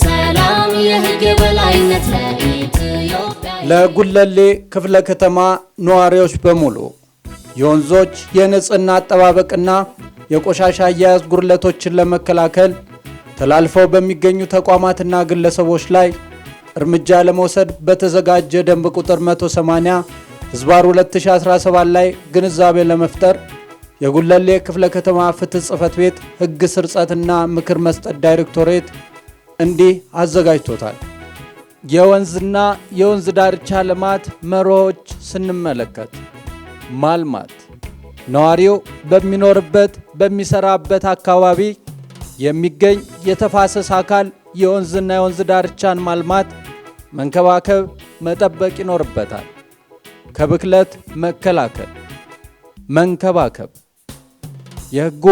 ሰላም የህግ የበላይነት ለኢትዮጵያ። ለጉለሌ ክፍለ ከተማ ነዋሪዎች በሙሉ የወንዞች የንጽህና አጠባበቅና የቆሻሻ አያያዝ ጉድለቶችን ለመከላከል ተላልፈው በሚገኙ ተቋማትና ግለሰቦች ላይ እርምጃ ለመውሰድ በተዘጋጀ ደንብ ቁጥር 180 ህዝባር 2017 ላይ ግንዛቤ ለመፍጠር የጉለሌ ክፍለ ከተማ ፍትህ ጽህፈት ቤት ህግ ስርጸትና ምክር መስጠት ዳይሬክቶሬት እንዲህ አዘጋጅቶታል። የወንዝና የወንዝ ዳርቻ ልማት መርሆዎች ስንመለከት ማልማት ነዋሪው በሚኖርበት በሚሰራበት አካባቢ የሚገኝ የተፋሰስ አካል የወንዝና የወንዝ ዳርቻን ማልማት፣ መንከባከብ፣ መጠበቅ ይኖርበታል። ከብክለት መከላከል፣ መንከባከብ፣ የሕጉ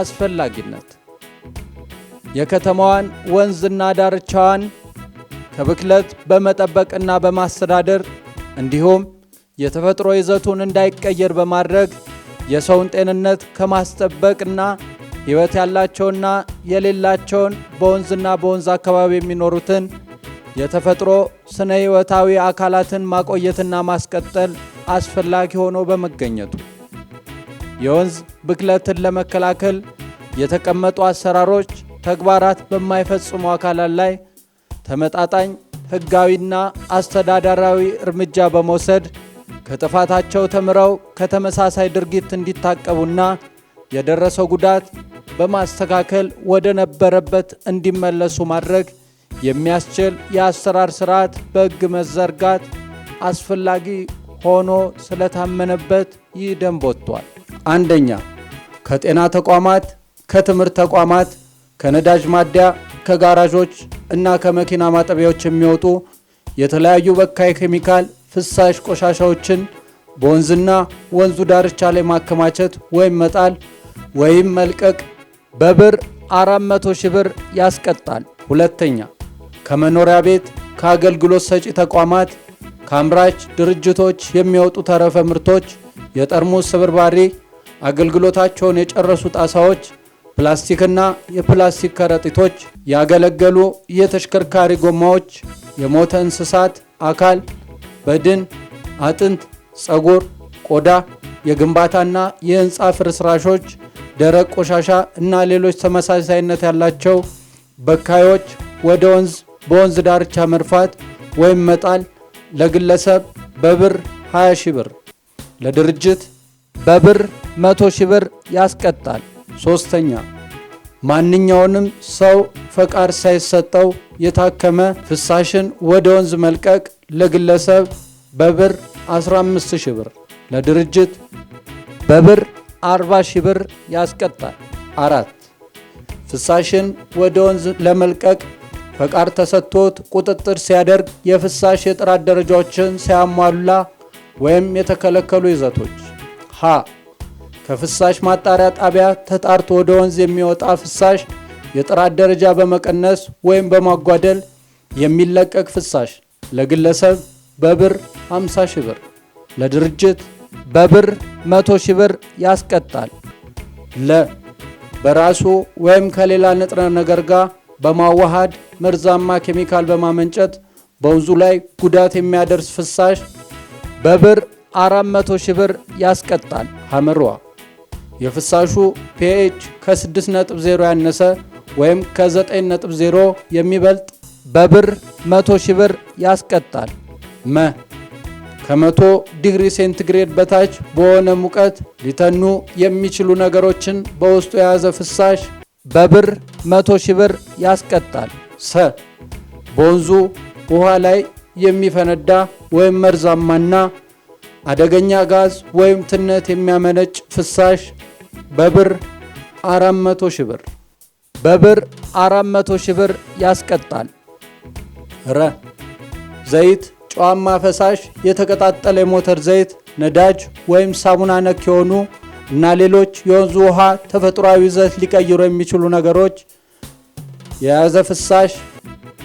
አስፈላጊነት የከተማዋን ወንዝና ዳርቻዋን ከብክለት በመጠበቅና በማስተዳደር እንዲሁም የተፈጥሮ ይዘቱን እንዳይቀየር በማድረግ የሰውን ጤንነት ከማስጠበቅና ሕይወት ያላቸውና የሌላቸውን በወንዝና በወንዝ አካባቢ የሚኖሩትን የተፈጥሮ ስነ ሕይወታዊ አካላትን ማቆየትና ማስቀጠል አስፈላጊ ሆኖ በመገኘቱ የወንዝ ብክለትን ለመከላከል የተቀመጡ አሰራሮች ተግባራት በማይፈጽሙ አካላት ላይ ተመጣጣኝ ሕጋዊና አስተዳደራዊ እርምጃ በመውሰድ ከጥፋታቸው ተምረው ከተመሳሳይ ድርጊት እንዲታቀቡና የደረሰው ጉዳት በማስተካከል ወደ ነበረበት እንዲመለሱ ማድረግ የሚያስችል የአሰራር ስርዓት በሕግ መዘርጋት አስፈላጊ ሆኖ ስለታመነበት ይህ ደንብ ወጥቷል። አንደኛ ከጤና ተቋማት፣ ከትምህርት ተቋማት ከነዳጅ ማደያ ከጋራዦች እና ከመኪና ማጠቢያዎች የሚወጡ የተለያዩ በካይ ኬሚካል ፍሳሽ ቆሻሻዎችን በወንዝና ወንዙ ዳርቻ ላይ ማከማቸት ወይም መጣል ወይም መልቀቅ በብር 400 ሺህ ብር ያስቀጣል። ሁለተኛ ከመኖሪያ ቤት፣ ከአገልግሎት ሰጪ ተቋማት፣ ከአምራች ድርጅቶች የሚወጡ ተረፈ ምርቶች፣ የጠርሙስ ስብርባሪ፣ አገልግሎታቸውን የጨረሱ ጣሳዎች ፕላስቲክና የፕላስቲክ ከረጢቶች፣ ያገለገሉ የተሽከርካሪ ጎማዎች፣ የሞተ እንስሳት አካል፣ በድን፣ አጥንት፣ ጸጉር፣ ቆዳ፣ የግንባታና የህንፃ ፍርስራሾች፣ ደረቅ ቆሻሻ እና ሌሎች ተመሳሳይነት ያላቸው በካዮች ወደ ወንዝ በወንዝ ዳርቻ መድፋት ወይም መጣል ለግለሰብ በብር 20 ሺህ ብር ለድርጅት በብር 100 ሺህ ብር ያስቀጣል። ሶስተኛ ማንኛውንም ሰው ፈቃድ ሳይሰጠው የታከመ ፍሳሽን ወደ ወንዝ መልቀቅ ለግለሰብ በብር 15 ሺህ ብር ለድርጅት በብር 40 ሺህ ብር ያስቀጣል። አራት ፍሳሽን ወደ ወንዝ ለመልቀቅ ፈቃድ ተሰጥቶት ቁጥጥር ሲያደርግ የፍሳሽ የጥራት ደረጃዎችን ሳያሟላ ወይም የተከለከሉ ይዘቶች ሀ ከፍሳሽ ማጣሪያ ጣቢያ ተጣርቶ ወደ ወንዝ የሚወጣ ፍሳሽ የጥራት ደረጃ በመቀነስ ወይም በማጓደል የሚለቀቅ ፍሳሽ ለግለሰብ በብር 50 ሺህ ብር፣ ለድርጅት በብር 100 ሺህ ብር ያስቀጣል። ለ በራሱ ወይም ከሌላ ንጥረ ነገር ጋር በማዋሃድ መርዛማ ኬሚካል በማመንጨት በወንዙ ላይ ጉዳት የሚያደርስ ፍሳሽ በብር 400 ሺህ ብር ያስቀጣል። ሐመሯ የፍሳሹ ፒኤች ከ6.0 ያነሰ ወይም ከ9.0 የሚበልጥ በብር 100 ሺህ ብር ያስቀጣል። መ ከ100 ዲግሪ ሴንቲግሬድ በታች በሆነ ሙቀት ሊተኑ የሚችሉ ነገሮችን በውስጡ የያዘ ፍሳሽ በብር 100 ሺህ ብር ያስቀጣል። ሰ በወንዙ ውሃ ላይ የሚፈነዳ ወይም መርዛማና አደገኛ ጋዝ ወይም ትነት የሚያመነጭ ፍሳሽ በብር 400 ሺህ ብር በብር 400 ሺህ ብር ያስቀጣል። ረ ዘይት ጨዋማ ፈሳሽ፣ የተቀጣጠለ የሞተር ዘይት፣ ነዳጅ ወይም ሳሙና ነክ የሆኑ እና ሌሎች የወንዙ ውሃ ተፈጥሯዊ ይዘት ሊቀይሩ የሚችሉ ነገሮች የያዘ ፍሳሽ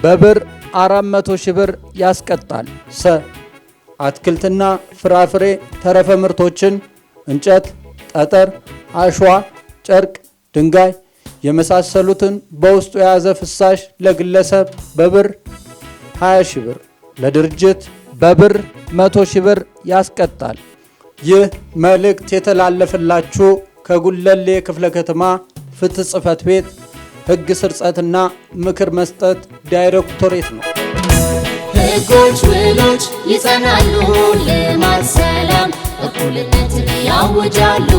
በብር 400 ሺህ ብር ያስቀጣል። ሰ አትክልትና ፍራፍሬ ተረፈ ምርቶችን እንጨት፣ ጠጠር አሸዋ፣ ጨርቅ፣ ድንጋይ የመሳሰሉትን በውስጡ የያዘ ፍሳሽ ለግለሰብ በብር 20 ሺ ብር ለድርጅት በብር 100 ሺ ብር ያስቀጣል። ይህ መልእክት የተላለፈላችሁ ከጉለሌ ክፍለ ከተማ ፍትህ ጽህፈት ቤት ሕግ ስርጸትና ምክር መስጠት ዳይሬክቶሬት ነው። ህጎች ውሎች ይጸናሉ ለማሰላ እኩልነትን ያውጃሉ።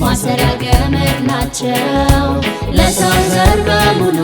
ማሰሪያ ገመድ ናቸው ለሰው ዘር በሙሉ